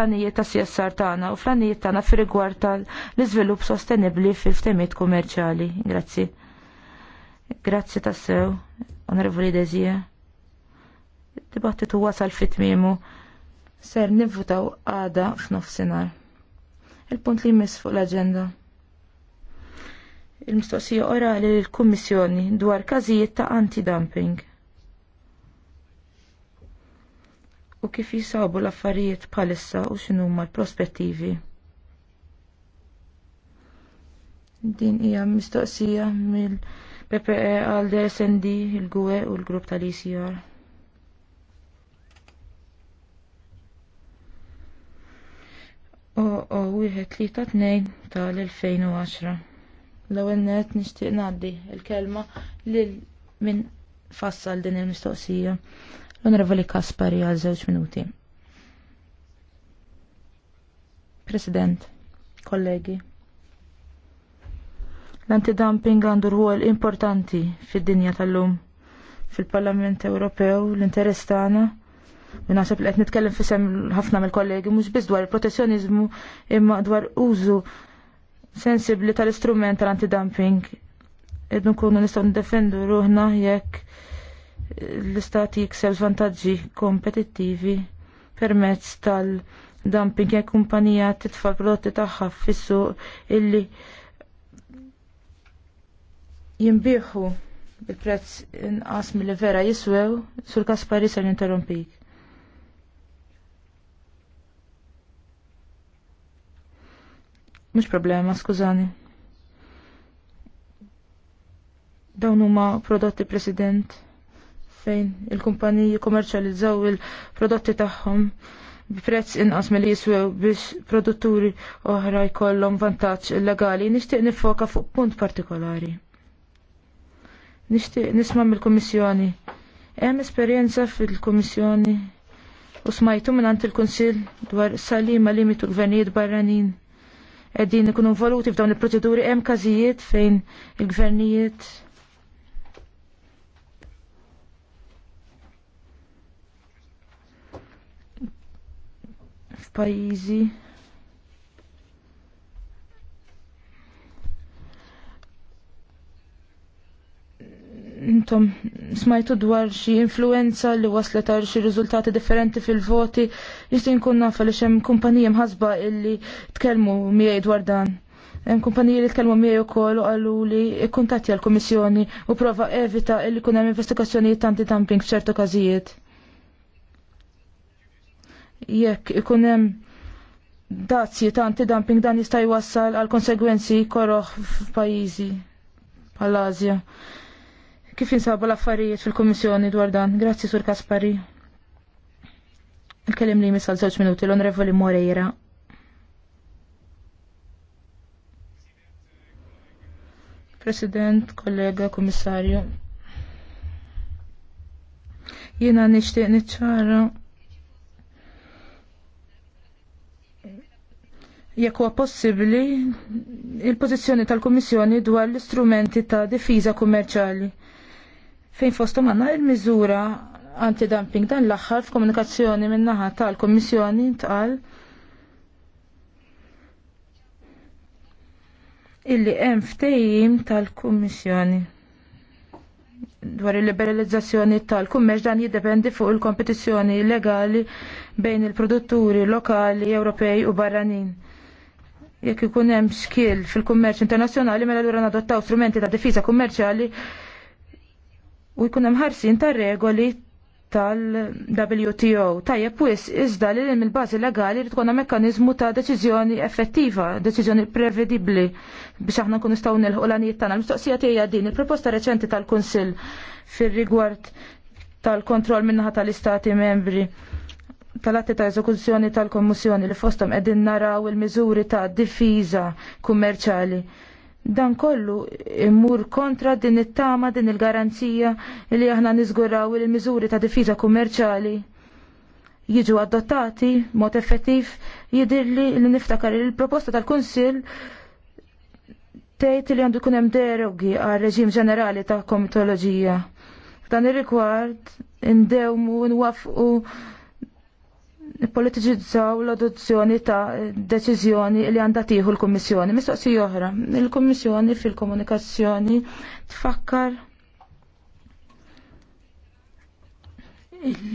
fl planijiet ta' CSR tagħna u fl planijiet tagħna fir-rigward tal-iżvilupp sostenibbli fil ftehimiet kummerċjali. Grazzi. Grazzi tassew, Onorevoli Dezija. Dibattitu wasal fit-tmiemu ser nivvutaw għada f'nofsinhar. Il-punt li jmiss fuq l-aġenda il-mistoqsija orali lill kummissjoni dwar każijiet ta' antidumping. u kif jisabu l-affarijiet bħalissa u x'inhuma l-prospettivi. Din hija mistoqsija mill-PPE għal DSND il-GUE u l-grupp tal-ICR. O o wieħed ta' tnejn tal-2010. L-ewwel net nixtieq ngħaddi l kelma lil min fassal din il-mistoqsija. L-Onorevoli Kaspari għal żewġ minuti. President, kollegi. L-antidumping għandu rwol importanti fid-dinja tal-lum. Fil-Parlament Ewropew l-interess tagħna u naħseb li qed nitkellem fisem ħafna mill-kollegi mhux biss dwar il-protezzjoniżmu imma dwar użu sensibbli tal-istrument tal-antidumping. Irdu nkunu nistgħu nindefendu ruħna jekk l-istat jikseb vantaġġi kompetittivi permezz tal-dumping jekk kumpanija titfa' prodotti tagħha fis-suq illi jimbieħu il-prezz inqas mill vera jiswew sur Kaspari se ninterrompik. Mhux problema, skużani. Dawn huma prodotti President fejn il-kumpaniji komerċjalizzaw il-prodotti tagħhom prezz inqas mill jiswew biex produtturi oħra jkollhom vantaġġ illegali, nixtieq nifoka fuq punt partikolari. Nixtieq nisma' mill-Kummissjoni. Hemm esperjenza fil-Kummissjoni u smajtu minn il-Kunsill dwar salima limitu gvernijiet barranin. Qegħdin ikunu involuti f'dawn il-proċeduri hemm każijiet fejn il-gvernijiet f'pajjiżi intom smajtu dwar xi influenza li waslet għal xi riżultati differenti fil-voti, jista' nkun nafa li hemm kumpanija mħasba illi tkellmu miegħi dwar dan. Hemm kumpaniji li tkellmu miegħi wkoll u qalu li kkuntatti għall-Kummissjoni u prova evita illi kun hemm investigazzjonijiet anti-dumping f'ċertu każijiet jekk ikun hemm dazji ta' antidumping dan jista' jwassal għal konsegwenzi koroħ f'pajjiżi għal azja Kif insabu l-affarijiet fil-Kummissjoni dwar dan? Grazzi Sur Kaspari. Il-kelim li jmissal żewġ minuti l-Onorevoli Moreira. President, kollega, komissarju. Jena nishtiq nitċara jekk huwa possibbli il-pożizzjoni tal-Kummissjoni dwar l-istrumenti ta' difiża kummerċjali. Fejn fostom għandna il-miżura antidumping dan l-aħħar f'komunikazzjoni min-naħa tal-Kommissjoni tqal illi hemm ftehim tal-Kummissjoni dwar il-liberalizzazzjoni tal-kummerċ dan jiddependi fuq il-kompetizzjoni legali bejn il-produtturi lokali Ewropej u barranin jekk ikun hemm skill fil-kummerċ internazzjonali mela lura nadottaw strumenti ta' difiża kummerċjali u jkun hemm ħarsin ta' regoli tal-WTO. Tajjeb wis iżda li mill-bażi legali li tkun mekkaniżmu ta' deċiżjoni effettiva, deċiżjoni prevedibbli biex aħna nkun nistgħu nilħu l-għanijiet tagħna. Mistoqsija tiegħi din il-proposta reċenti tal-Kunsill fir-rigward tal-kontroll minnaħa tal-Istati membri tal-atti ta' eżekuzzjoni tal-Kommissjoni li fostom edin naraw il-miżuri ta' difiża kummerċali. Dan kollu immur kontra din it-tama din il-garanzija li aħna niżguraw il-miżuri ta' difiża kummerċali jiġu adottati mod effettiv jidirli li niftakar il-proposta tal-Kunsill tgħid li għandu jkun hemm derogi għal reġim ġenerali ta' komitoloġija. Dan ir-rigward indewmu nwafqu politiċizzaw l-adozzjoni ta' deċiżjoni li għandha tieħu l-Kummissjoni. Mistoqsija oħra, il-Kummissjoni fil-komunikazzjoni tfakkar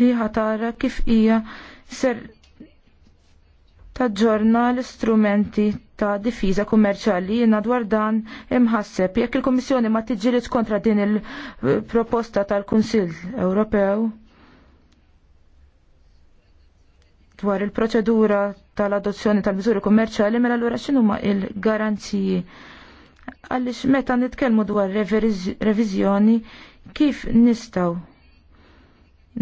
li ħatara kif hija ser taġġorna l-istrumenti ta' difiża kummerċali jiena dwar dan imħasseb jekk il-Kummissjoni ma tiġġielitx kontra din il-proposta tal-Kunsill Ewropew dwar il-proċedura tal-adozzjoni tal-miżuri kummerċali mela allura x'inhuma il-garanziji għaliex meta nitkellmu dwar reviżjoni kif nistgħu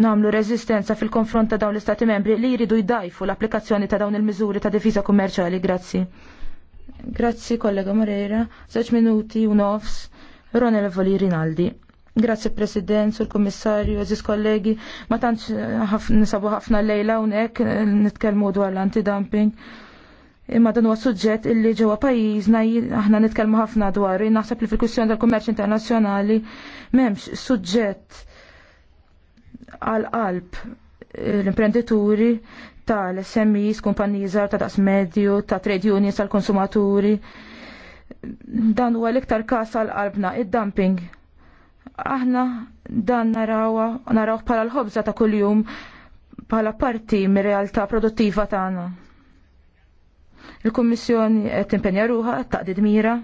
namlu rezistenza fil-konfront ta' dawn l-istati membri li jridu jdajfu l-applikazzjoni ta' dawn il-miżuri ta' difiża kummerċali, grazzi. Grazzi kollega Moreira, żewġ minuti u nofs, Ronel Voli Rinaldi. Grazzi President, Sur Kommissarju, Aziz kollegi, ma tantx eh, nisabu ħafna lejla unek eh, nitkellmu dwar l-antidumping. Imma dan huwa suġġett illi ġewwa pajjiżna aħna nitkellmu ħafna dwar, naħseb li fil-kwistjoni tal-kummerċ internazzjonali m'hemmx suġġett għal qalb eh, l-imprenditori tal-SMEs, kumpaniji żgħar ta' daqs medju, ta' trade unions tal-konsumaturi. Dan huwa l-iktar każ għal qalbna, id-dumping Aħna dan narawa, naraw bħala l-ħobza ta' kuljum bħala parti mir-realtà produttiva tagħna. Il-Kummissjoni qed impenja ruħa qed taqdid mira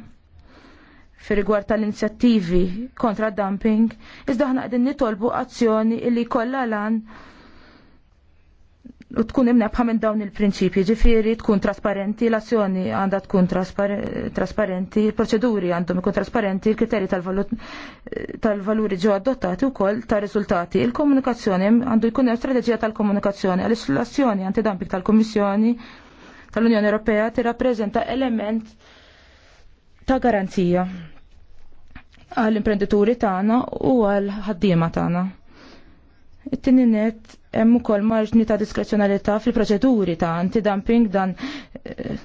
fi rigward tal-inizjattivi kontra dumping, iżda aħna qegħdin nitolbu azzjoni li kollha lan u tkun imnebħa minn dawn il-prinċipji, ġifiri tkun trasparenti, l-azzjoni għandha tkun trasparenti, il-proċeduri għandhom ikun trasparenti, il-kriterji tal-valuri ġew adottati wkoll ta' riżultati. Il-komunikazzjoni għandu jkun hemm strategija tal-komunikazzjoni għaliex l-azzjoni antidumping tal-Kummissjoni tal-Unjoni Ewropea tirrappreżenta element ta' garanzija għall-imprenditori tagħna u għall ħaddiema tagħna. It-tininet hemm ukoll marġni ta' diskrezzjonalità fil-proċeduri ta' antidumping dan eh,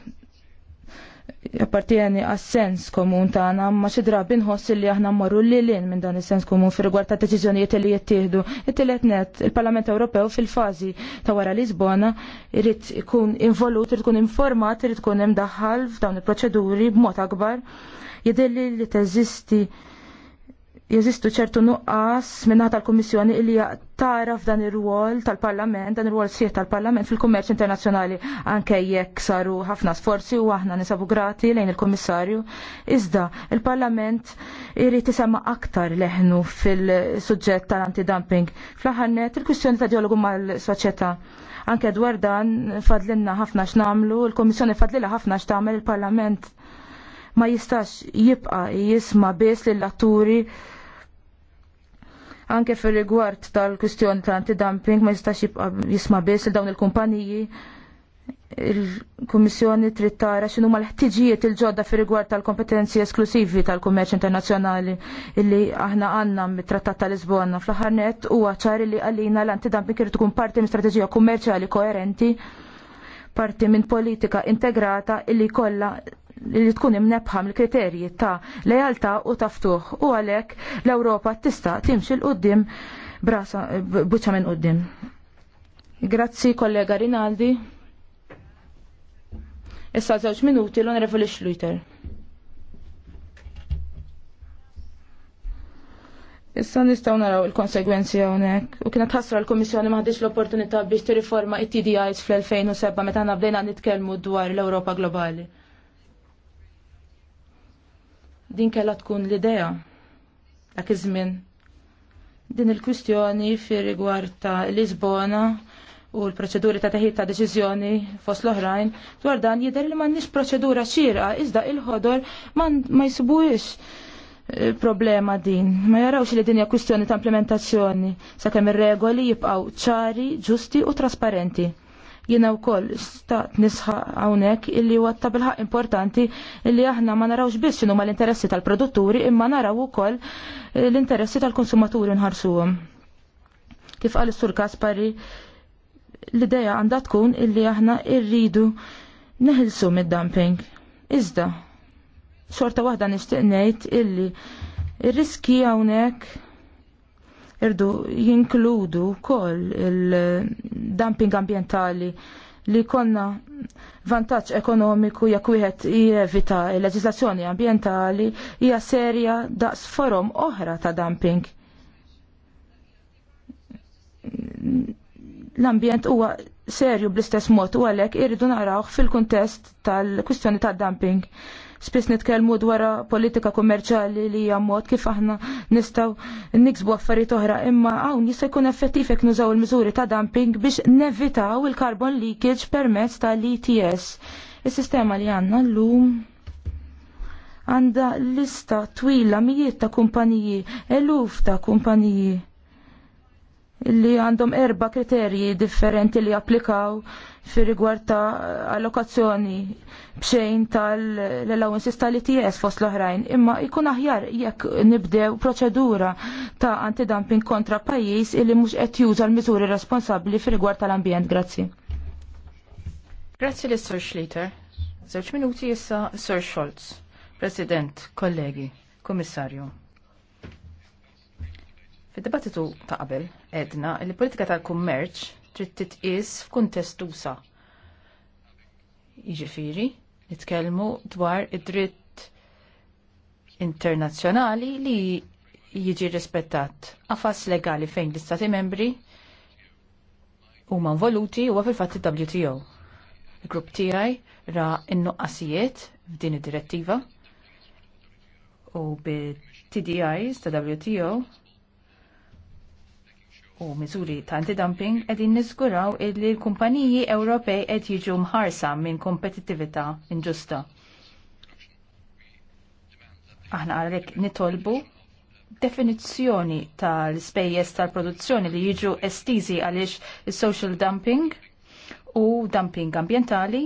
appartieni għas sens komun tagħna ma xi drabi nħoss li aħna mmorru lilin minn dan is-sens komun fir-rigward ta' deċiżjonijiet li jittieħdu. It-tielet net, il-Parlament Ewropew fil-fażi ta' wara Lisbona irid ikun involut, irid ikun informat, irid ikun hemm daħħal f'dawn il-proċeduri b'mod akbar. Jidilli li teżisti jeżistu ċertu nuqqas minna tal-Komissjoni li tara f'dan ir-rwol tal-Parlament, dan ir-rwol sieħ tal-Parlament fil-kummerċ internazzjonali anke jekk saru ħafna sforzi u aħna nisabu grati lejn il-Kummissarju. Iżda il-Parlament irid isema' aktar leħnu fil-suġġett tal-antidumping. fl il-kwistjoni ta' dialogu mal-soċjetà. Anke dwar dan fadlinna ħafna x'namlu, il-Kummissjoni fadlilha ħafna x'tagħmel il-Parlament ma jistax jibqa jisma' biss lill-atturi Anke fil-rigward tal-kwistjoni ta' antidumping ma jistax jisma' biss il-dawn il-kumpaniji il-Kummissjoni trid tara x'inhu l ħtiġijiet il-ġodda fir rigward tal-kompetenzi esklusivi tal-kummerċ internazzjonali illi aħna għandna mit-Trattat tal-Lisbona. Fl-aħħar nett huwa ċari li għalina l-antidumping irid tkun parti minn strateġija kummerċjali koerenti parti minn politika integrata illi kollha li tkun imnebħa l kriterji ta' lejalta u ta' ftuħ u għalhekk l-Ewropa tista' timxi l qoddim brasa buċa minn qoddim. Grazzi kollega Rinaldi. Issa żewġ minuti l-Onorevoli Schluter. Issa nistgħu naraw il-konsegwenzi hawnhekk u kienet ħassra l-Kummissjoni maħdix l-opportunità biex tirriforma it-TDIs fl-2007 meta bdejna nitkellmu dwar l-Ewropa globali. Din kellha tkun l-idea dak iż-żmien. Din il-kwistjoni fir rigward ta' Lisbona u l-proċeduri ta' teħid ta' deċiżjoni fost l-oħrajn, dwar dan jidher li m'għandniex proċedura xierqa, iżda il-ħodor ma jsibuhiex eh, problema din. Ma jarawx li din hija kwistjoni ta' implementazzjoni sakemm ir-regoli jibqgħu ċari, ġusti u trasparenti. Jiena wkoll staqt nisħaq hawnhekk illi huwa għatta bilħaq importanti illi aħna ma narawx biss ma l-interessi tal-produtturi imma naraw ukoll eh, l-interessi tal-konsumaturi nħarsuhom. Kif qal is-Sur Kaspari l-idea għandha tkun illi aħna rridu neħilsu mid-dumping. Iżda, xorta waħda nixtieq ngħid illi il riski hawnhekk irdu jinkludu wkoll il-dumping ambjentali li konna vantaġġ ekonomiku jekk wieħed jevita l-leġislazzjoni ambjentali hija serja daqs forom oħra ta' dumping. L-ambjent huwa serju bl-istess mod u għalhekk irridu narawh fil-kuntest tal-kwistjoni tad dumping. Spiss nitkellmu dwar politika kummerċjali li hija mod kif aħna nistgħu niksbu affarijiet oħra, imma hawn jista' jkun effettiv jekk nużaw il-miżuri ta' dumping biex nevitaw il-carbon leakage permezz tal-ETS. Is-sistema li għandna llum għandha lista twila mijiet ta' kumpaniji, eluf ta' kumpaniji illi għandhom erba kriterji differenti li applikaw fir rigward ta' allokazzjoni bxejn tal-allowances tal-ITS fost l-oħrajn. Imma ikun aħjar jekk nibdew proċedura ta' antidumping kontra pajjiż illi mhux qed juża l-miżuri responsabbli fir rigward tal-ambjent. Grazzi. Grazzi lis sur Schlitter. Żewġ minuti issa Sir Scholz, President, kollegi, Komissarju. Fid-dibattitu ta' qabel, edna li politika tal-kummerċ trid titqis f'kuntest usa. Jiġifieri, nitkellmu dwar id-dritt internazzjonali li jiġi rispettat. Qafas legali fejn l-istati membri huma involuti huwa fil-fatt il-WTO. Il-grupp tiegħi ra n nuqqasijiet f'din id-direttiva u bit-TDIs ta' WTO u miżuri ta' antidumping qegħdin niżguraw li l-kumpaniji Ewropej qed jiġu mħarsa minn kompetittività inġusta. Aħna għalhekk nitolbu definizzjoni tal-spejjeż tal-produzzjoni li jiġu estiżi għaliex is-social dumping u dumping ambjentali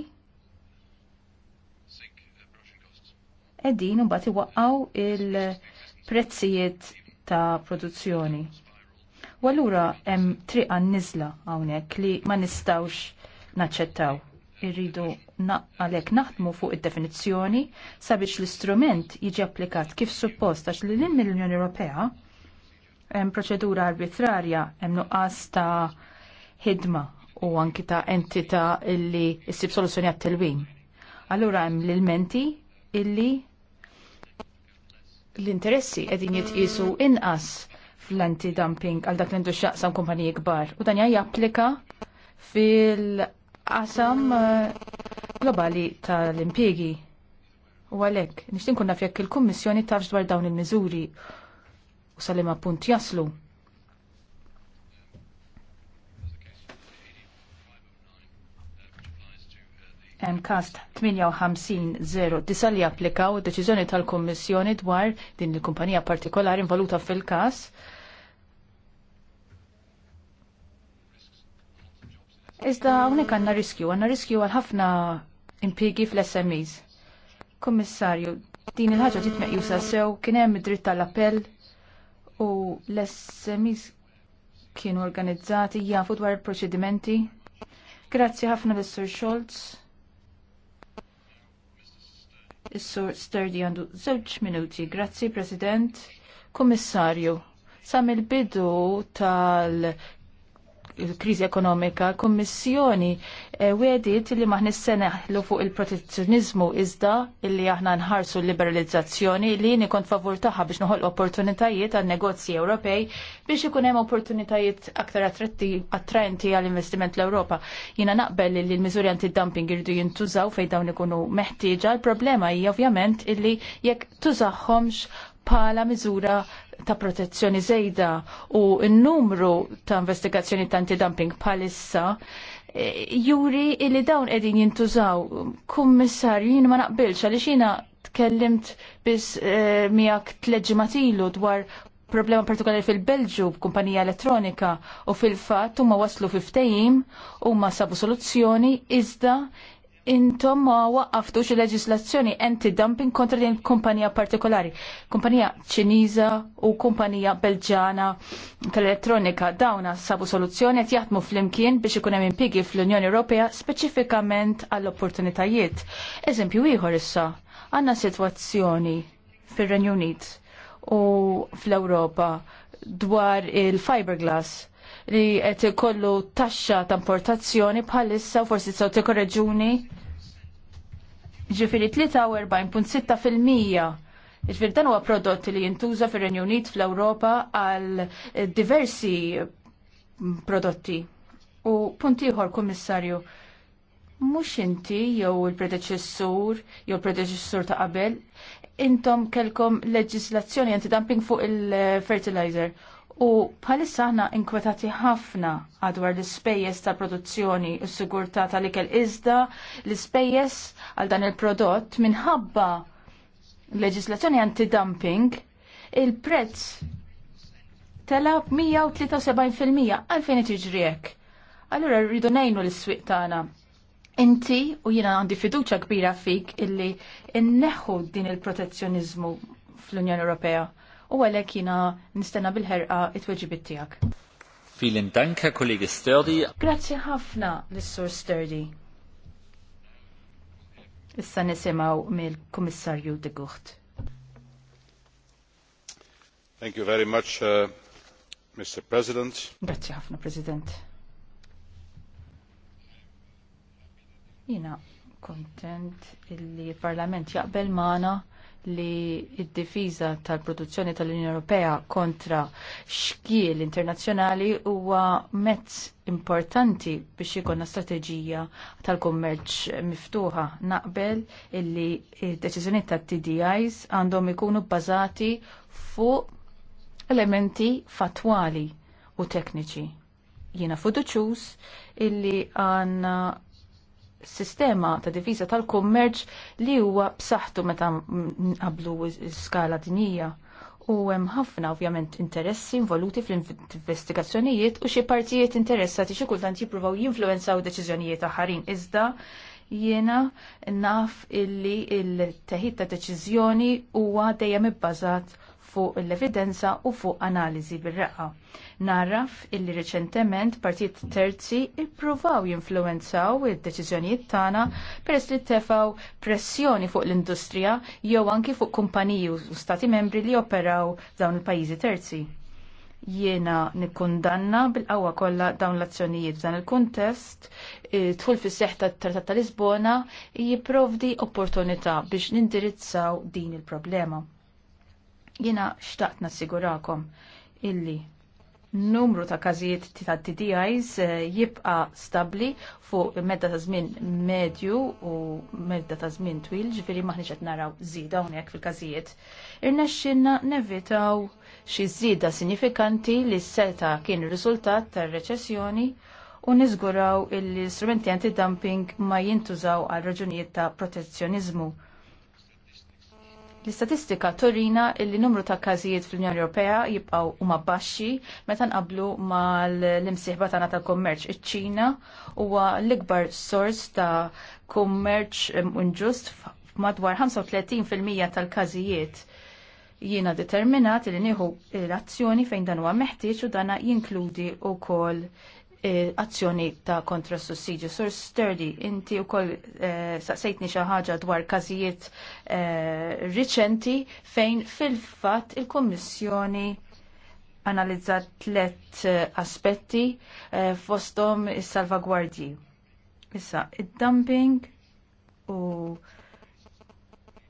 qegħdin imbagħad iwaqqgħu il-prezzijiet ta' produzzjoni Walura hemm triqa nizla hawnhekk li ma nistawx naċċettaw. Irridu għalhekk naħdmu fuq id-definizzjoni sabiex l-istrument jiġi applikat kif suppost għax li l mill-Unjoni Ewropea hemm proċedura arbitrarja hemm nuqqas ta' ħidma u anki ta' entità illi issib soluzzjoni għat-tilwim. Allura hemm l-ilmenti illi l-interessi qegħdin jitqisu inqas fl-anti-dumping għal dak l-indu xaqsam kumpaniji kbar. U dan japplika fil-qasam eh, globali tal-impiegi. U għalek, nishtin kunna fjek il-Kommissjoni tafx dwar dawn il-mizuri u salima punt jaslu. hemm każ 58.09 li applikaw id-deċiżjoni tal-Kummissjoni dwar din il-kumpanija partikolari involuta fil-każ. Iżda hawnhekk għandna riskju, għandna riskju għal ħafna impjiegi fl-SMEs. Kommissarju, din il-ħaġa ġit meqjusa sew kien hemm id-dritt tal-appell u l-SMEs kienu organizzati jafu dwar il-proċedimenti Grazzi ħafna l sir Scholz. Is-Sur Sturdy għandu żewġ minuti. Grazzi, President, Kummissarju. Sam il-bidu tal il-kriżi ekonomika, kummissjoni eh, wedit li maħni s-seneħlu fuq il-protezzjonizmu iżda illi aħna nħarsu l-liberalizzazzjoni li jini kont favur taħħa biex nħol opportunitajiet għal negozji Ewropej biex ikun hemm opportunitajiet aktar attraenti għal investiment l-Ewropa. Jina naqbel li l-miżuri anti-dumping irdu jintużaw fej dawn ikunu meħtieġa. Il-problema hija ovvjament illi jekk tużaħħomx bħala miżura ta' protezzjoni żejda u n-numru ta' investigazzjoni ta' anti-dumping bħalissa e, juri li dawn qegħdin jintużaw. Kummissarju, jien ma naqbilx għaliex xina tkellimt biss eh, miegħek tleġimatilu dwar problema partikolari fil-Belġu b'kumpanija elettronika u fil-fatt huma waslu fi ftehim huma sabu soluzzjoni iżda intom ma waqqaftux il-leġislazzjoni anti-dumping kontra din kumpanija partikolari. Kumpanija ċiniża u kumpanija belġana tal-elettronika dawna sabu soluzzjoni qed jaħdmu flimkien biex ikun hemm impigi fl-Unjoni Ewropea speċifikament għall-opportunitajiet. Eżempju ieħor issa għandna sitwazzjoni fir-Renju Unit u fl-Ewropa dwar il-fiberglass li qed ikollu taxxa ta' importazzjoni bħalissa forsi sew tieku reġuni ġifiri 43.6%. Ġifiri dan huwa prodott li jintuża fir-Renju Unit fl-Ewropa għal diversi prodotti. U punt ieħor, Kummissarju, mhux inti jew il-predeċessur jew il-predeċessur ta' qabel, intom kelkom leġislazzjoni dumping fuq il-fertilizer U bħalissa aħna inkwetati ħafna għadwar l-ispejjeż ta' produzzjoni u s-sigurtà tal-ikel iżda l-ispejjeż għal dan il-prodott minħabba leġislazzjoni anti-dumping il-prezz tela 173% għalfejn tiġri hekk. Allura rridu ngħinu l-iswiq tagħna. Inti u jiena għandi fiduċa kbira fik illi inneħħu din il-protezzjonizmu fl-Unjoni Ewropea u għalhekk jiena nistenna bil-ħerqa it-tweġibiet tiegħek. Filin danka kollegi Sturdy. Grazzi ħafna l sur Sturdy. Issa nisimaw mill-Kummissarju de Gucht. Thank you very much, uh, Mr. President. Grazzi ħafna, President. Jina kontent illi il-Parlament jaqbel maħna li id-difiża tal-produzzjoni tal-Unjoni Ewropea kontra xkiel internazzjonali huwa mezz importanti biex ikonna strateġija tal-kummerċ miftuħa naqbel illi id-deċiżjonijiet tat-TDIs għandhom ikunu bbażati fuq elementi fatwali u tekniċi. Jiena fuduċus illi għandna sistema ta' difiża tal-kummerċ li huwa b'saħħtu meta nqablu skala dinija. U hemm ħafna ovvjament interessi involuti fl-investigazzjonijiet u xi partijiet interessati xi kultant jippruvaw jinfluwenzaw deċiżjonijiet aħarin iżda jiena naf illi il-teħid ta' deċiżjoni huwa dejjem ibbażat fuq l-evidenza u fuq analiżi bir-raqqa. Narraf illi riċentement partit terzi ippruvaw jinfluwenzaw id-deċiżjonijiet tagħna peress li tefaw pressjoni fuq l-industrija jew anki fuq kumpaniji u stati membri li operaw dawn il-pajjiżi terzi jiena nikkundanna bil-qawwa kollha dawn l-azzjonijiet f'dan il-kuntest, tħul fis seħħ tat tratat ta' Lisbona jipprovdi opportunità biex nindirizzaw din il-problema jina xtaqt nassigurakom illi numru ta' każijiet ta' TDIs eh, jibqa stabli fuq medda ta' żmien medju u medda ta' żmien twil, ġifieri maħniġ qed naraw żieda hawnhekk fil-każijiet. Irnexxinna nevitaw xi żieda sinifikanti li seta kien riżultat tar-reċessjoni u niżguraw il-istrumenti antidumping ma jintużaw għal raġunijiet ta' protezzjonizmu L-istatistika torina il numru ta' każijiet fl-Unjoni Ewropea jibqgħu huma baxxi meta nqablu mal-imsieħba tagħna tal-kummerċ. Iċ-Ċina huwa l-ikbar sors ta' kummerċ inġust madwar 35% tal-każijiet. Jiena determinat li nieħu l-azzjoni fejn dan huwa meħtieġ u dana jinkludi wkoll azzjoni ta' kontra sussidju. Sur Sturdy, inti u koll eh, saqsejtni xaħġa dwar kazijiet eh, riċenti fejn fil-fat il-Kommissjoni analizzat tlet eh, aspetti fostom is-salvagwardji. Issa, id-dumping u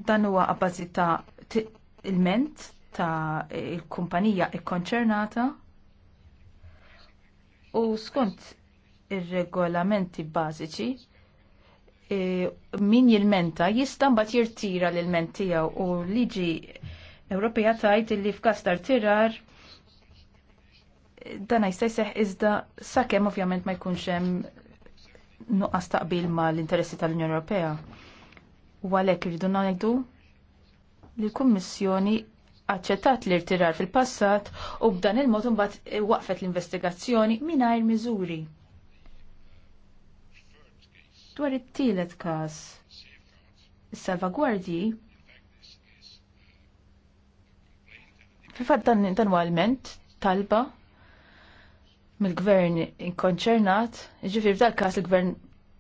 dan huwa abbażi ta' il-ment ta' il-kumpanija ikkonċernata il u skont ir-regolamenti bażiċi e, min jilmenta jista' mbagħad jirtira l-ilment tiegħu u liġi Ewropea tajt li f'Kastar tirar dan jista' jseħħ iżda sakemm ovvjament ma jkunx hemm nuqqas taqbil ma l-interessi tal-Unjoni Ewropea. U għalhekk irridu ngħidu li l-Kummissjoni aċċettat li rtirar fil-passat u b'dan il-mod imbagħad waqfet l-investigazzjoni mingħajr miżuri. Dwar it-tielet każ, is-salvagwardji fil-fatt dan dan talba mill-gvern inkonċernat, ġifir f'dal każ il-gvern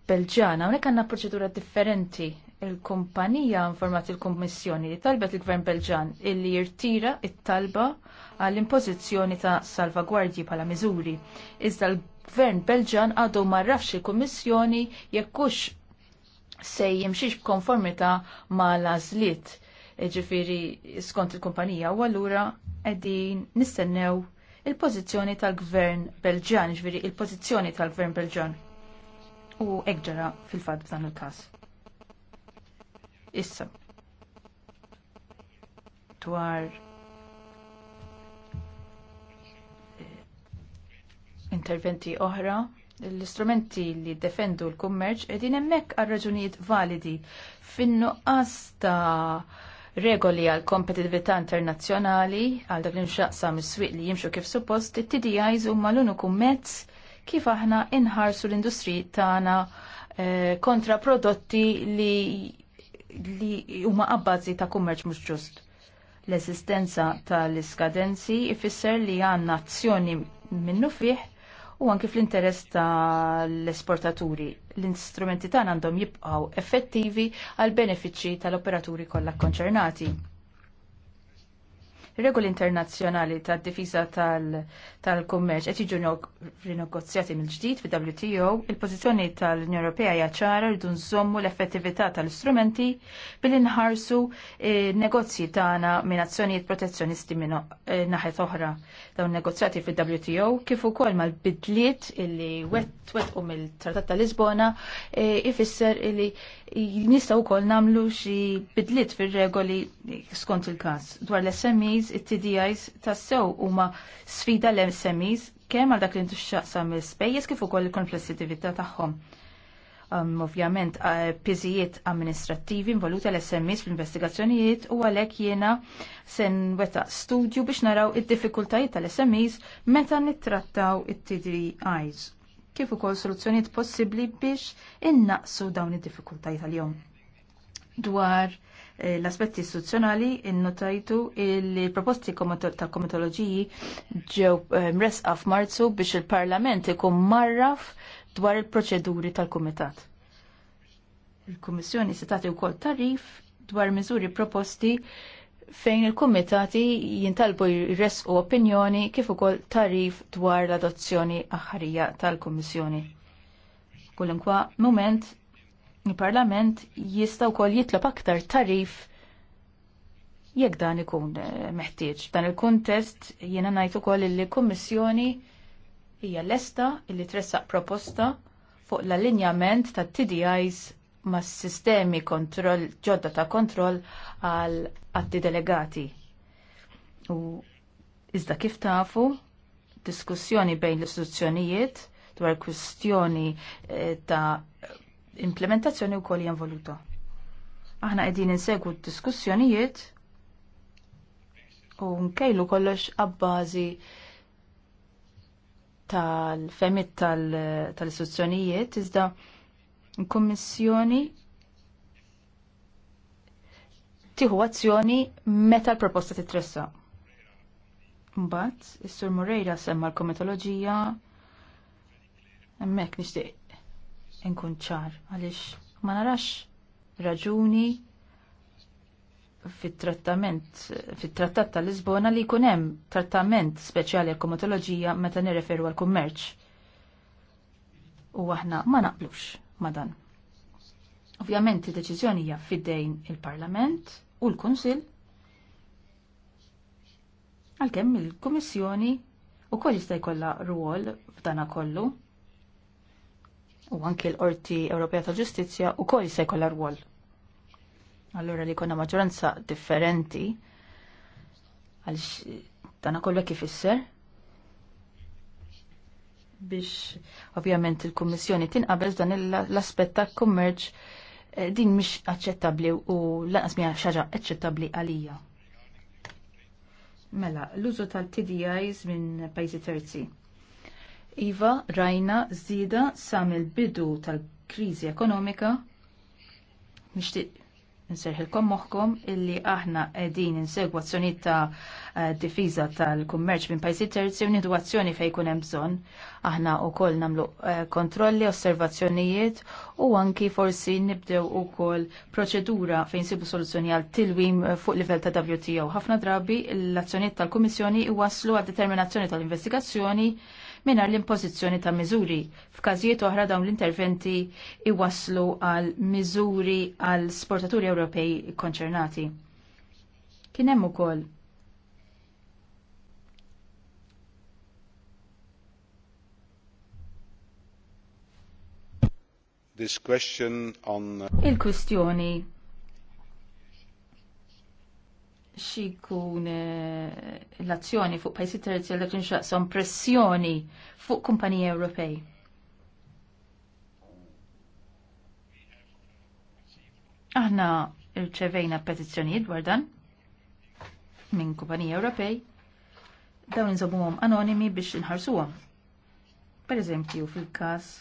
Belġana, hawnhekk għandna proċedura differenti Il-kumpanija informat il-Kummissjoni li talbet il-Gvern Belġan illi jirtira it-talba għall-impożizzjoni ta' salvagwardji bħala miżuri. Iżda l-Gvern Belġan għadu marrafx il-Kummissjoni jekkux se jimxiex b'konformità ma' lażliet ġifiri skont il-kumpanija u allura qegħdin nistennew il-pożizzjoni tal-Gvern Belġan, ġifiri il-pożizzjoni tal-Gvern Belġan. U ekġara fil-fatt b'dan il-każ. Issa, dwar eh, interventi oħra, l-istrumenti li defendu l-kummerċ edin emmek għal raġunijiet validi fin-nuqqas ta' regoli għal kompetitività internazzjonali għal dak li nxaqsam is-swieq li jimxu kif suppost, it-TDIs huma l-uniku mezz kif aħna inħarsu l-industri tagħna eh, kontra prodotti li li huma qabbażi ta' kummerċ mhux ġust. L-esistenza tal-iskadenzi ifisser li għandna azzjoni minnu fih u anki fl-interess tal-esportaturi. L-instrumenti tagħna għandhom jibqgħu effettivi għal benefiċċji tal-operaturi kollha konċernati regoli internazzjonali tad difiża tal-kummerċ qed jiġu rinegozjati mill-ġdid fil-WTO, il-pożizzjoni tal-Unjoni Ewropea hija ċara rridu nżommu l-effettività tal-istrumenti billi nħarsu eh, negozji tagħna minn azzjonijiet protezzjonisti minn eh, naħet oħra dawn negozjati fil-WTO kif ukoll mal-bidliet illi wet u mill-Trattat ta' Lisbona e, ifisser illi nistgħu wkoll nagħmlu xi bidliet fir-regoli skont il-każ. Dwar l-SMEs, it-TDIs tassew huma sfida l-SMEs kemm għal dak li ntixxaqsam mill-spejjeż kif ukoll il-komplessitività tagħhom um, ovvjament piżijiet amministrattivi involuti l-SMIs fl-investigazzjonijiet u għalhekk jiena sen weta studju biex naraw id-diffikultajiet tal-SMIs meta nittrattaw it-TDIs kif ukoll soluzzjonijiet possibbli biex innaqsu dawn id-diffikultajiet tal-jom. Dwar eh, l-aspetti istituzzjonali innotajtu il-proposti tal-komitoloġiji ġew eh, mresqa f'Marzu biex il-Parlament ikun marraf dwar il-proċeduri tal-Kumitat. Il-Kummissjoni se tagħti wkoll tarif dwar miżuri proposti fejn il-kumitati jintalbu jresqu opinjoni kif ukoll tarif dwar l-adozzjoni aħħarija tal-Kummissjoni. Kullimkwa moment il-Parlament jista' wkoll jitlob aktar tarif jekk dan ikun eh, meħtieġ. Dan il-kuntest jiena ngħid ukoll li kummissjoni hija lesta illi tressaq proposta fuq l-allinjament tat TDIs mas sistemi ġodda ta' kontroll għal atti delegati. U iżda kif tafu, diskussjoni bejn l-istituzzjonijiet dwar kwistjoni eh, ta' implementazzjoni u koll involuta. Aħna qegħdin insegwu d-diskussjonijiet u nkejlu kollox għabbażi tal-femit tal istruzzjonijiet iżda l-Kummissjoni tieħu azzjoni meta l-proposta titressa. Mbagħad, is-Sur Moreira semma l-komitoloġija hemmhekk nixtieq nkun ċar għaliex ma narax raġuni fit-trattament, fit-trattat tal-Lisbona li jkun hemm trattament speċjali għal komatoloġija meta nirreferu għal kummerċ. U aħna ma naqblux ma dan. Ovvjament id-deċiżjoni hija fidejn il-Parlament u l-Kunsill għalkemm il-Kummissjoni wkoll jista' jkollha rwol f'dana kollu. U anke l-Qorti Ewropea tal Ġustizzja wkoll jista' jkollha rwol Allura li konna maġoranza differenti għalix dana kollha kif isser biex ovvjament il-Kummissjoni tinqabel dan l-aspett ta' kummerċ eh, din mhix aċċettabbli u lanqas mija xaġa aċċettabbli għalija. Mela, l-użu tal-TDIs minn pajjiżi terzi. Iva rajna zida, sa mill-bidu tal-kriżi ekonomika nixtieq Nserħilkom moħkom illi aħna edin insegwa azzjoni ta' eh, difiża tal-kummerċ minn pajsi terzi u nidu azzjoni fejn ikun hemm bżonn. Aħna wkoll nagħmlu eh, kontrolli, osservazzjonijiet u anki forsi nibdew ukoll proċedura fejn sibu soluzzjoni għal tilwim eh, fuq livell ta' WTO. Ħafna drabi l-azzjonijiet tal-Kummissjoni iwasslu għad determinazzjoni tal-investigazzjoni minna l-impożizzjoni ta' miżuri. F'każijiet oħra dawn l-interventi iwaslu għal miżuri għal sportaturi Ewropej konċernati. Kien hemm ukoll this question on uh, il-kwistjoni xikun eh, l-azzjoni fuq pajsi terzi l xaqsom pressjoni fuq kumpaniji Ewropej? Aħna rċevejna petizzjonijiet dwar dan minn kumpaniji Ewropej dawn inżobuhom anonimi biex inħarsuhom. Per eżempju fil-każ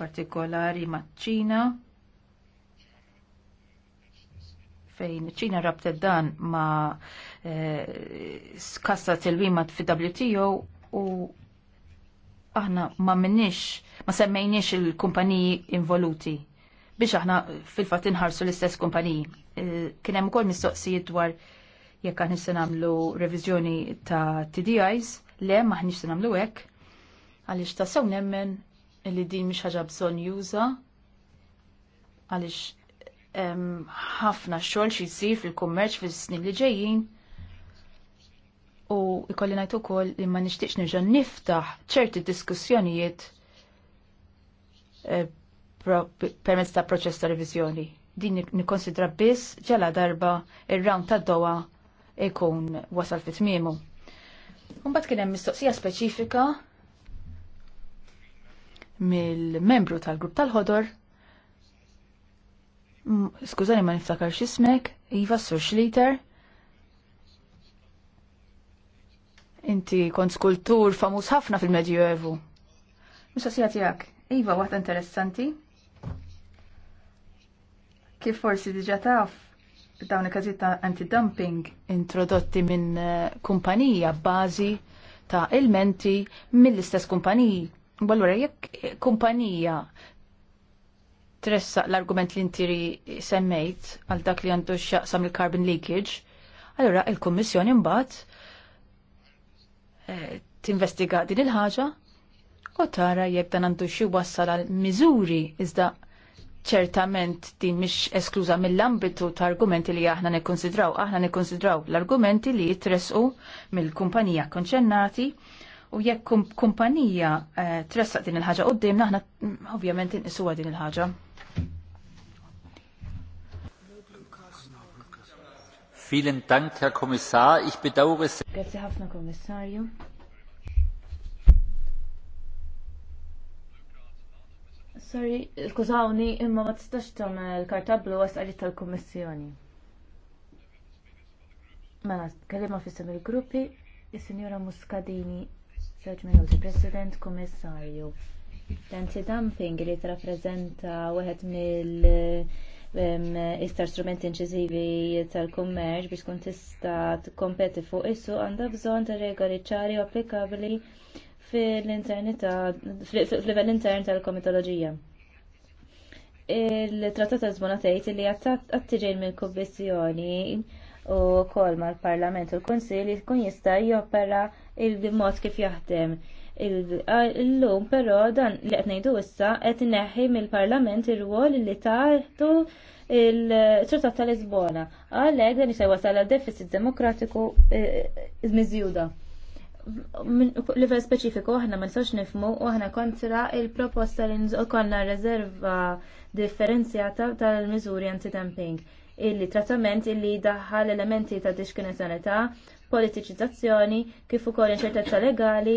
partikolari maċ-Ċina fejn ċina rabtet dan ma eh, skassa tilwima fi WTO u aħna ma minnix, ma semmejniex il-kumpaniji involuti biex aħna fil-fat inħarsu l-istess kumpaniji. Eh, Kien hemm ukoll mistoqsijiet dwar jekk għan se nagħmlu reviżjoni ta' TDIs, le maħniex se nagħmlu hekk għaliex ta' sew nemmen li din mhix ħaġa bżonn juża għaliex ħafna xogħol xi jsir fil-kummerċ fis-snin li ġejjin. U ikolli ngħid ukoll li ma nixtieqx nerġa' niftaħ ċerti diskussjonijiet eh, permezz ta' proċess ta' reviżjoni. Din nikkonsidra biss ġala darba ir-round ta' dowa ikun wasal fit tmiemu. Mbagħad kien hemm mistoqsija speċifika mill-membru tal-grupp tal-ħodor Skużani ma niftakar xismek, Iva Sur Inti kont skultur famuż ħafna fil-Medjuevu. Misa si għatijak, Iva waħda interessanti. Kif forsi diġa taf, dawn il anti-dumping introdotti minn eh, kumpanija bażi ta' ilmenti mill-istess kumpaniji. Allura jekk kumpanija tressaq l-argument li intiri semmejt għal dak li għandu xaqsam il-carbon leakage, allora il-Kommissjoni mbagħad eh, tinvestiga din il-ħaġa u tara jekk dan għandu xi wassal għal miżuri iżda ċertament din mhix eskluża mill-ambitu ta' argumenti li aħna nikkonsidraw. Aħna nikkonsidraw l-argumenti li jitresqu mill-kumpanija konċennati U jekk kumpanija eh, tressaq din il-ħaġa qudiem aħna mm, ovvjament inqisuha din il-ħaġa. Vielen Dank, Herr Kommissar. Ich bedauere sehr. Grazie ħafna, Kommissarju. Sorry, skużawni, imma ma tistax tagħmel karta blu għasqalit tal-Kummissjoni. Mela, kellimha fissem il-gruppi, is-Sinjora Muscadini Żewġ minuti, President Kummissarju. l dumping li trappreżenta wieħed mill istar strumenti inċiżivi tal-kummerċ biex tkun tista' tkompeti fuq issu għandha bżonn ta' regoli ċari u applikabbli fil-livell intern tal-komitoloġija. Il-trattat ta' tgħid li għattiġejn mill-Kummissjoni u wkoll mal-Parlament u l-Kunsill jkun jista' jopera il-mod kif jaħdem. Illum però dan li qed ngħidu issa qed ineħħi mill-Parlament ir-rwol li taħtu il-Trattat tal-Lisbona. Għalhekk dan jista' wasal għal deficit demokratiku eh, miżjuda livell speċifiku aħna ma nistgħux nifhmu u aħna kontra il-proposta li konna riserva differenzjata tal-miżuri anti-dumping Illi trattament illi daħħal elementi ta' diskrezjonalità, politiċizzazzjoni, kif ukoll inċertezza legali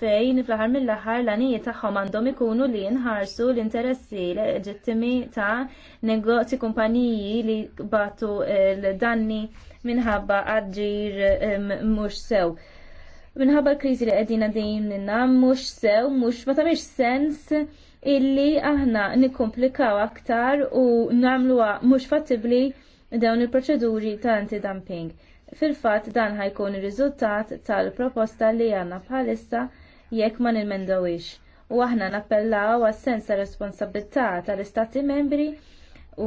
fejn fl-aħħar mill-aħħar l-għanijiet tagħhom għandhom ikunu li jinħarsu l-interessi leġittimi ta' negozji kumpaniji li batu l-danni minħabba għadġir mhux sew. Minħabba l-kriżi li qegħdin għadin ninna mhux sew, mhux ma tagħmilx sens illi aħna nikkomplikaw aktar u namluwa mhux fattibbli dawn il-proċeduri ta' antidumping. Fil-fatt dan ħajkun ir-riżultat tal-proposta li għandna bħalissa jekk ma nilmendawix. U aħna nappellaw għas-sens ta' responsabilità tal-Istati membri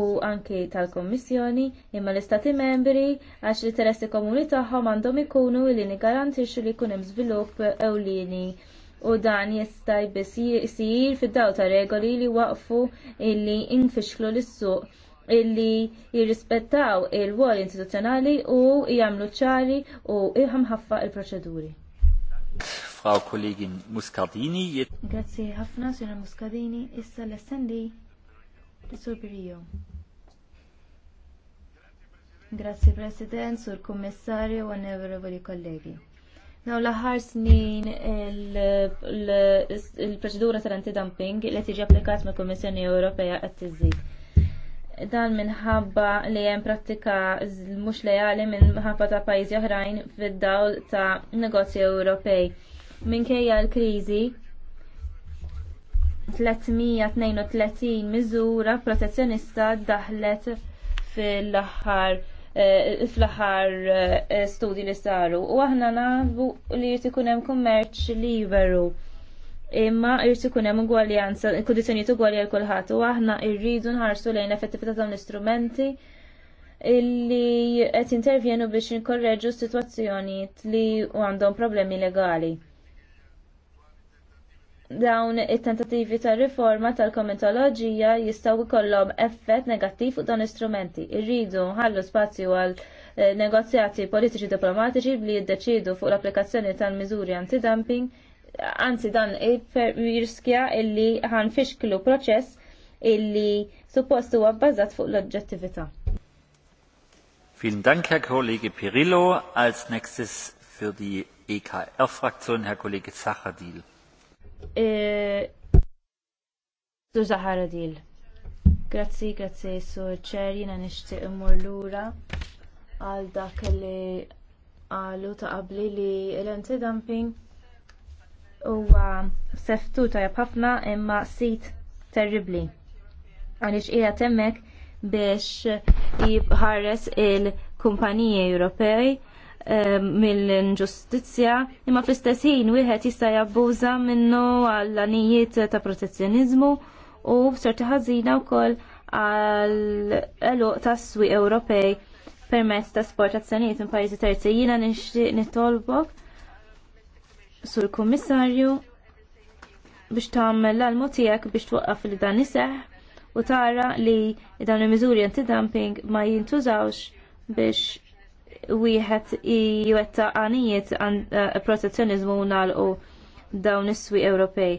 u anki tal-Kommissjoni imma l-Istati membri għax l-interessi komuni tagħhom għandhom ikunu li nigarantixxu li jkun hemm żvilupp ewlieni u dan jista' bis jsir fid-daw ta' regoli li waqfu illi infixklu lis-suq illi jirrispettaw il-wol instituzjonali u jamlu ċari u ħaffa il-proċeduri. Frau Kollegin Muscardini. Grazzi ħafna, sjona Muscardini. Issa l-essendi Sur Birio. Grazzi President, Sur Commissario, onorevoli kollegi. Naw l-aħħar snin il-proċedura tal-antidumping li tiġi applikat mill kummissjoni Ewropea qed tiżid. Dan minħabba li hemm prattika mhux lejali minħabba ta' pajjiżi oħrajn fid-dawl ta' negozji Ewropej. Minkejja l-kriżi 332 miżura protezzjonista daħlet fil-aħħar Eh, fl-aħħar eh, studji li saru u aħna nafu li jrid ikun hemm kummerċ liberu imma jrid ikun hemm ugwaljanza, kundizzjonijiet ugwali għal kulħadd u aħna irridu nħarsu lejn effettività ta' l-istrumenti illi qed intervjenu biex nkorreġu situazzjonijiet li għandhom problemi legali dawn it-tentativi ta' riforma tal-komentoloġija jistgħu jkollhom effett negattiv fuq dawn l-istrumenti. Irridu nħallu spazju għal eh, negozjati politiċi diplomatiċi li jiddeċidu fuq l-applikazzjoni tal-miżuri antidumping, anzi dan jirskja illi ħanfixklu proċess illi suppost huwa bbażat fuq l-oġġettività. Vielen Dank, Herr Kollege Pirillo. Als nächstes für die EKR-Fraktion Herr Kollege Zachadil. E, Sur Zahara Dil. Grazzi, grazzi, Sur Ċer, jina immur imur lura għal dak li għalu ta' qabli li l-antidumping huwa seftu ta' ħafna imma sit terribli. Għaliex ija temmek biex jibħares il-kumpaniji Ewropej mill-inġustizzja, imma fl-istess ħin wieħed jista' jabbuża minnu għall anijiet ta' protezzjonizmu u b'sorti ħażina wkoll għall eluq tas swi Ewropej permezz ta' sportazzjonijiet minn pajjiżi terzi. Jiena nixtieq nitolbok sur kummissarju biex tagħmel l-almu tiegħek biex twaqqaf li dan iseħħ u tara li dawn il-miżuri anti-dumping ma jintużawx biex wieħed jwetta għanijiet għan eh, protezzjonizmu nagħlqu dawn is-swi Ewropej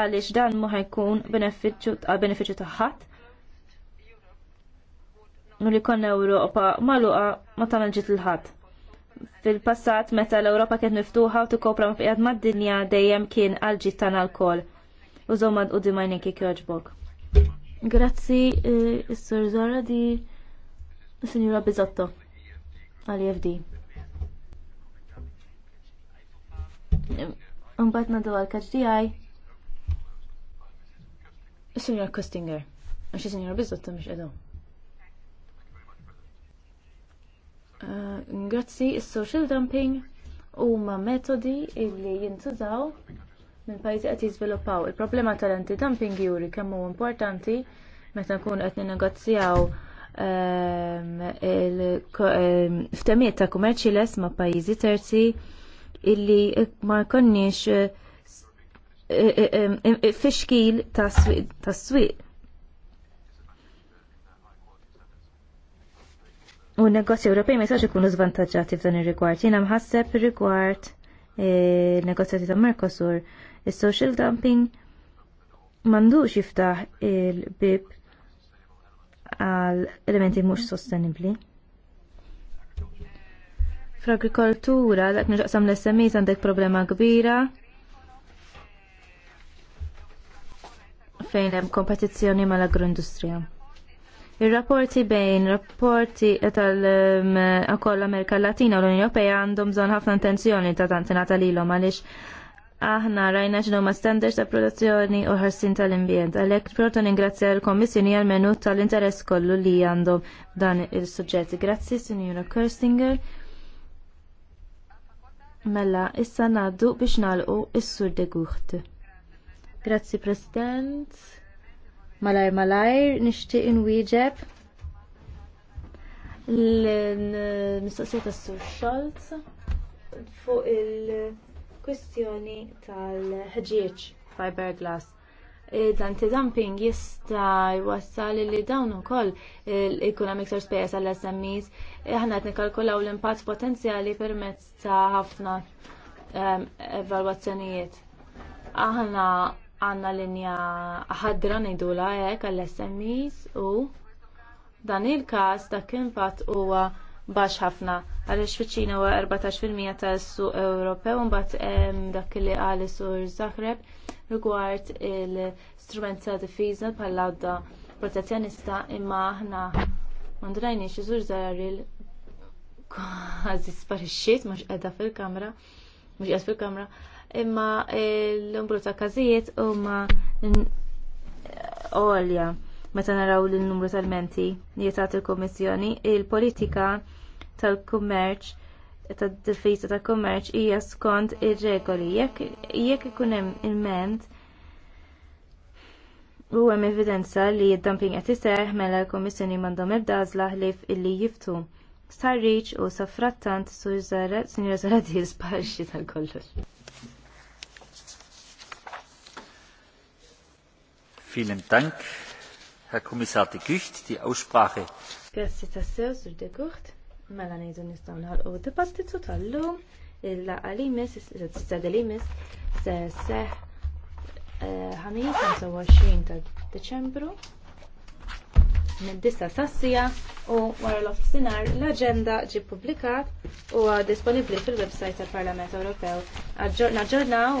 għaliex dan ma ħajkun benefiċċju ta' ħadd. Nu li konna Ewropa magħluqa ma tagħmel ġiet il-ħadd. Fil-passat meta l-Ewropa kienet miftuħa u tikopra ma' mad-dinja dejjem kien għal ġid tagħna l U żomma u dimajnik jogħġbok. Grazzi, eh, is-Sur Zora di Signora Bizotto għal-IFD. Unbat nadu għal-KHDI. Signor Kostinger, għaxi signor Bizzot ta' mux edaw. Uh, Grazzi, il-social dumping u ma metodi illi jintużaw minn pajjiżi għati jiżviluppaw. Il-problema tal-antidumping juri kemm hu importanti meta nkunu qed ninnegozjaw Ehm, il-ftemiet ehm, ta' kummerċi les ma' pajizi terzi illi ma' konniex eh, eh, ehm, eh, fixkil ta' s-swiq. U n-negozji Ewropej ma jistax ikunu zvantagġati f'dan ir-rigward. Jiena mħasseb rigward negozjati ta' Mercosur. Is-social dumping m'għandux jiftaħ il-bib għal elementi mhux sostenibbli. Fl-agrikoltura, dak nġaqsam l-SMEs għandek problema kbira fejn hemm kompetizzjoni mal-agroindustrija. Ir-rapporti bejn rapporti tal-akoll ehm, Amerika Latina u l-Unjoni Ewropea għandhom bżonn ħafna intenzjoni ta' tantinata lilhom għaliex aħna rajna ġnu ma standards ta' protezzjoni u ħarsin tal imbjent Għalek proton ingrazzja l-Komissjoni għal-menu tal-interess kollu li għandhom dan il-sujġetti. Grazzi, Signora Kirstinger. Mella, issa naddu biex nalqu is-sur de guħt. Grazzi, President. Malajr, malajr, nishtiq inwieġeb l-mistoqsija tas-sur Scholz fuq il- kwistjoni tal-ħġieġ fiberglass. Eh, dan dumping jista' jwassal li dawn ukoll eh, ikun hemm iktar spejjeż għall smes eh, aħna qed nikkalkulaw l-impatt potenzjali permezz ta' ħafna ehm, evalwazzjonijiet. Aħna għandna linja ħadra ngħidula hekk għall smes u dan il-każ dak impatt huwa baxx ħafna għaliex fiċ-Ċina huwa 14% ta' Su Ewropew mbagħad hemm dak li qal sur Zagreb rigward il-strument ta' difiża bħal għadda protezzjonista imma aħna mandrajni xi zaril kważi sparixxiet mhux qiegħda fil-kamra mhux qiegħed fil-kamra imma l umbru ta' każijiet huma għolja meta naraw l-numru tal-menti li jtagħti il-Kummissjoni il-politika il politika tal-kummerċ tad-difiża tal-kummerċ hija skont ir-regoli. Jekk ikun hemm ilment u hemm evidenza li d-dumping qed iseħħ mela l-Kummissjoni m'għandhom ebda għażla ħlief illi jiftu. Sarriċ u safrattant sur Sinjor Zaradi sparxi tal-kollox. Vielen Dank, Herr Kommissar de Gucht. Die Aussprache. Grazie tassew, Sur de Gucht. Mela nejdu nistaw nħalqu dibattitu tal-lum il-laqa li mis, s-sada li mis, s-seħ 25 ta' Deċembru mid-disa sassija u wara l-offsinar l-agenda ġi publikat u disponibli fil websajt tal-Parlament Ewropew. Naġġornaw